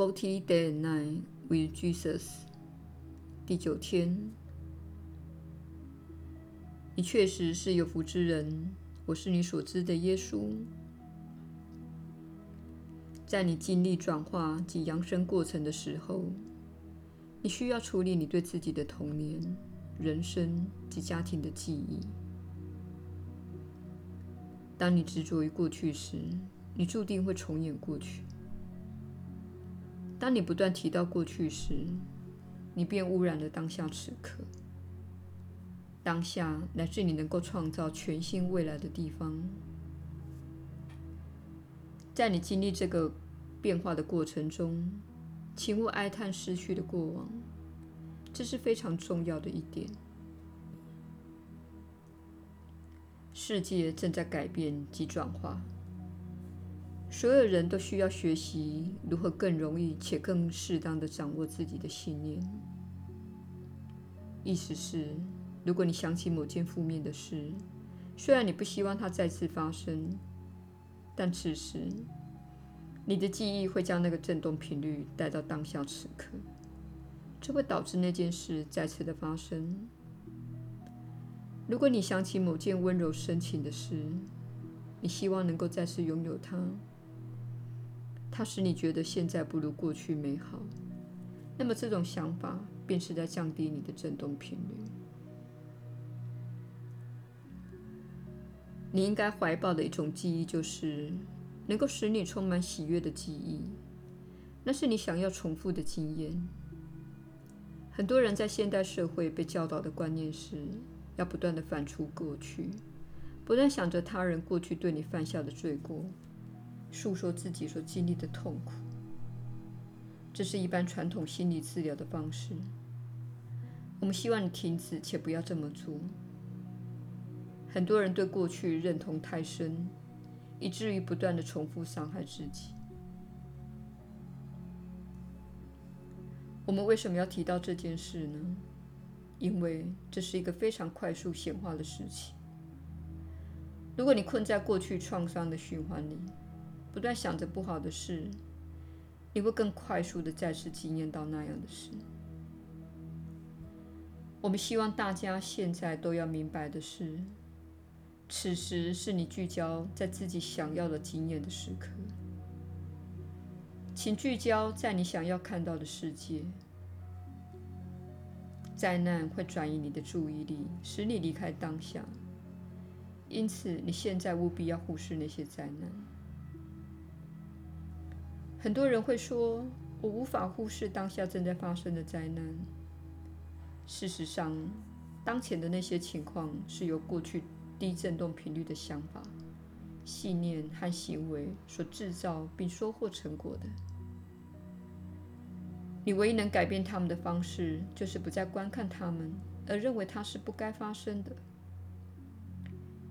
Forty Day and Night with Jesus，第九天。你確實是有福之人。我是你所知的耶穌。在你經歷轉化及揚升過程的時候，你需要處理你對自己的童年、人生及家庭的記憶。當你執着於過去時，你注定會重演過去。當你不斷提到過去時，你便污染了當下此刻。當下乃是你能夠創造全新未來的地方。在你經歷這個變化的過程中，請勿哀嘆失去的過往，這是非常重要的一點。世界正在改變及轉化。所有人都需要學習如何更容易且更適當地掌握自己的信念。意思是，如果你想起某件負面的事，雖然你不希望它再次發生，但此時你的記憶會將那個振動頻率帶到當下此刻，這會導致那件事再次的發生。如果你想起某件溫柔深情的事，你希望能夠再次擁有它。它使你覺得現在不如過去美好，那麼這種想法便是在降低你的振動頻率。你應該懷抱的一種記憶，就是能夠使你充滿喜悅的記憶，那是你想要重複的經驗。很多人在現代社會被教導的觀念是，要不斷的反芻過去，不斷想着他人過去對你犯下的罪過。訴說自己所經歷的痛苦，這是一般傳統心理治療的方式。我們希望你停止，且不要這麼做。很多人對過去認同太深，以至於不斷的重複傷害自己。我們為什麼要提到這件事呢？因為這是一個非常快速顯化的事情。如果你困在過去創傷的循環裡，不斷想着不好的事，你會更快速地再次經驗到那樣的事。我們希望大家現在都要明白的是，此時是你聚焦在自己想要的經驗的時刻，請聚焦在你想要看到的世界。災難會轉移你的注意力，使你離開當下，因此你現在務必要忽視那些災難。很多人會說：“我無法忽視當下正在發生的災難。”事實上，當前的那些情況是由過去低振動頻率的想法、信念和行為所制造並收穫成果的。你唯一能改變他們的方式，就是不再觀看他們，而認為它是不該發生的。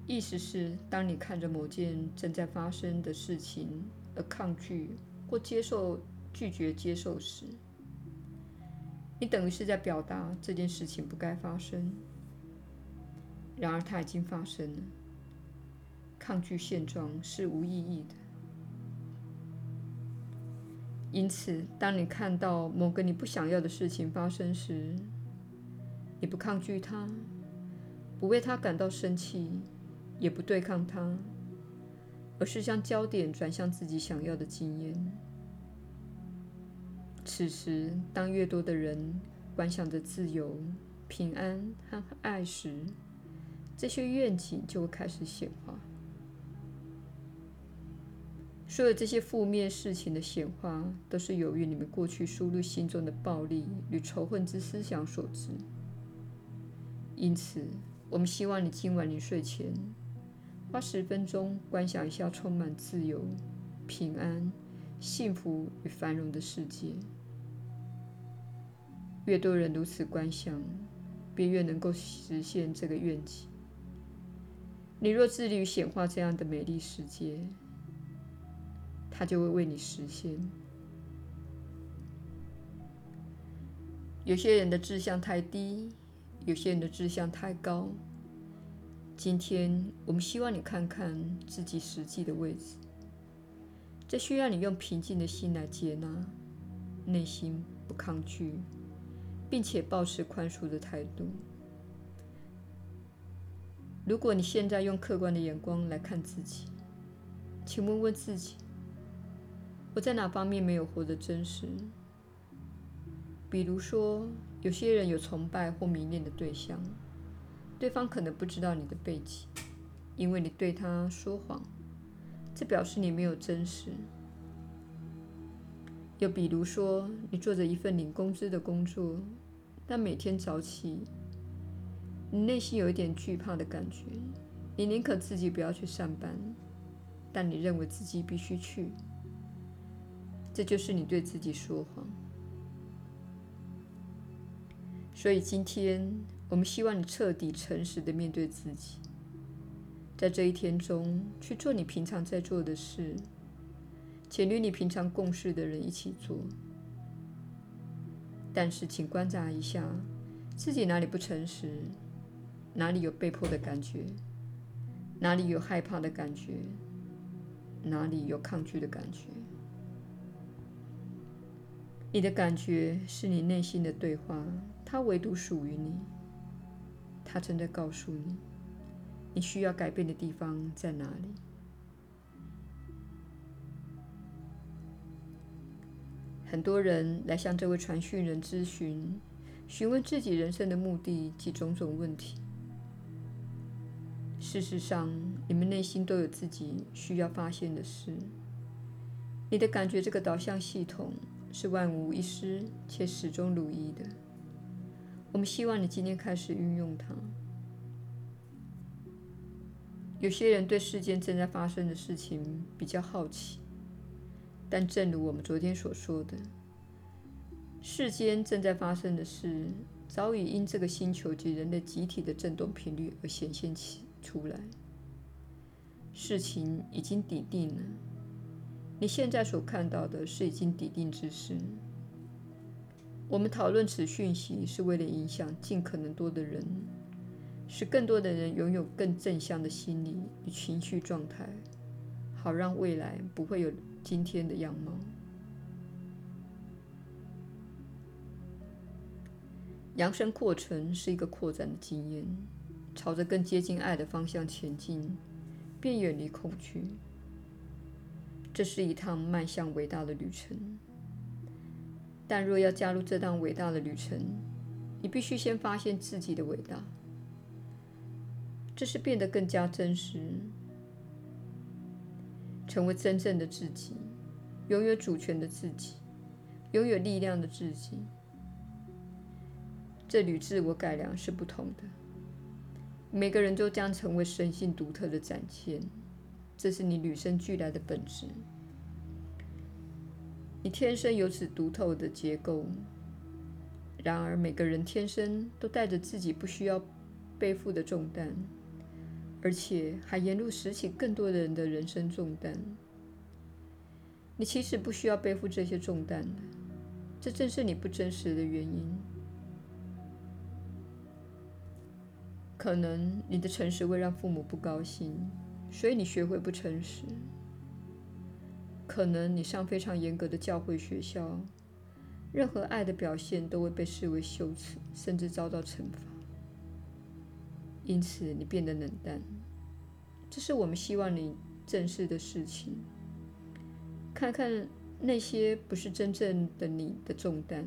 意思是，當你看着某件正在發生的事情而抗拒，或接受、拒絕接受時，你等於是在表達這件事情不該發生。然而，它已經發生了。抗拒現狀是無意義的。因此，當你看到某個你不想要的事情發生時，你不抗拒它，不為它感到生氣，也不對抗它。而是將焦點轉向自己想要的經驗。此時，當越多的人觀想着自由、平安和愛時，這些願景就會開始顯化。所有這些負面事情的顯化，都是由於你們過去輸入心中的暴力與仇恨之思想所致。因此，我們希望你今晚臨睡前，花十分鐘觀想一下充滿自由、平安、幸福與繁榮的世界。越多人如此觀想，便越，越能夠實現這個願景。你若致力於顯化這樣的美麗世界，它就會為你實現。有些人的志向太低，有些人的志向太高。今天我們希望你看看自己實際的位置，這需要你用平靜的心來接納，內心不抗拒，並且保持寬恕的態度。如果你現在用客觀的眼光來看自己，請問問自己：我在哪方面沒有活得真實？比如說，有些人有崇拜或迷戀的對象。對方可能不知道你的背景，因為你對他說謊，這表示你沒有真實。又比如說，你做着一份領工資的工作，但每天早起，你內心有一點懼怕的感覺，你寧可自己不要去上班，但你認為自己必須去，這就是你對自己說謊。所以今天，我們希望你徹底誠實地面對自己，在這一天中去做你平常在做的事，且與你平常共事的人一起做。但是，請觀察一下自己哪裡不誠實，哪裡有被迫的感覺，哪裡有害怕的感覺，哪裡有抗拒的感覺。你的感覺是你內心的對話，它唯獨屬於你。他正在告訴你，你需要改變的地方在哪裡。很多人來向這位傳訊人諮詢，詢問自己人生的目的及種種問題。事實上，你們內心都有自己需要發現的事。你的感覺，這個導向系統是萬無一失且始終如一的。我們希望你今天開始運用它。有些人對世間正在發生的事情比較好奇，但正如我們昨天所說的，世間正在發生的事早已因這個星球及人類集體的振動頻率而顯現起出來。事情已經底定了，你現在所看到的是已經底定之事。我們討論此訊息是為了影響盡可能多的人，使更多的人擁有更正向的心理與情緒狀態，好讓未來不會有今天的樣貌。揚升過程是一個擴展的經驗，朝着更接近愛的方向前進，便遠離恐懼。這是一趟邁向偉大的旅程。但若要加入這趟偉大的旅程，你必須先發現自己的偉大。這是變得更加真實，成為真正的自己，擁有主權的自己，擁有力量的自己。這與自我改良是不同的，每個人都將成為神性獨特的展現，這是你與生俱來的本質。你天生有此獨特的結構，然而每個人天生都帶着自己不需要背負的重擔，而且還沿路拾起更多的人的人生重擔。你其實不需要背負這些重擔，這正是你不真實的原因。可能你的誠實會讓父母不高興，所以你學會不誠實。可能你上非常嚴格的教會學校，任何愛的表現都會被視為羞恥，甚至遭到懲罰，因此你變得冷淡。這是我們希望你正視的事情，看看那些不是真正的你的重擔，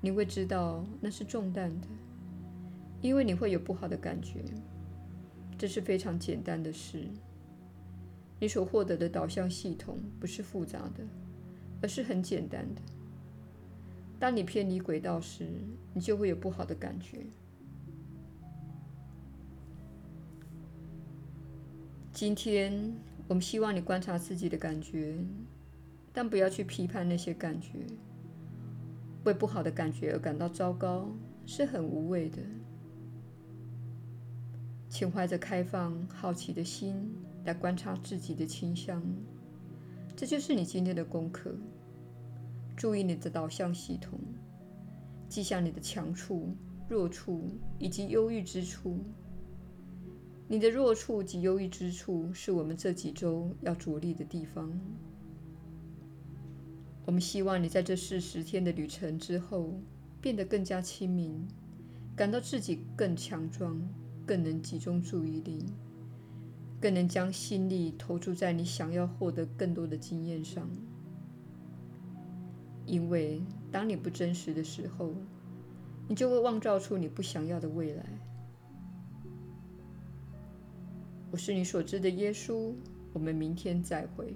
你會知道那是重擔的，因為你會有不好的感覺。這是非常簡單的事。你所獲得的導向系統不是複雜的，而是很簡單的。當你偏離軌道時，你就會有不好的感覺。今天我們希望你觀察自己的感覺，但不要去批判那些感覺。為不好的感覺而感到糟糕是很無謂的。請懷着開放、好奇的心。來觀察自己的傾向，這就是你今天的功課。注意你的導向系統，記下你的強處、弱處以及憂鬱之處。你的弱處及憂鬱之處是我們這幾周要着力的地方。我們希望你在這四十天的旅程之後，變得更加清明，感到自己更強壯，更能集中注意力。更能將心力投注在你想要獲得更多的經驗上，因為當你不真實的時候，你就會妄造出你不想要的未來。我是你所知的耶穌，我們明天再會。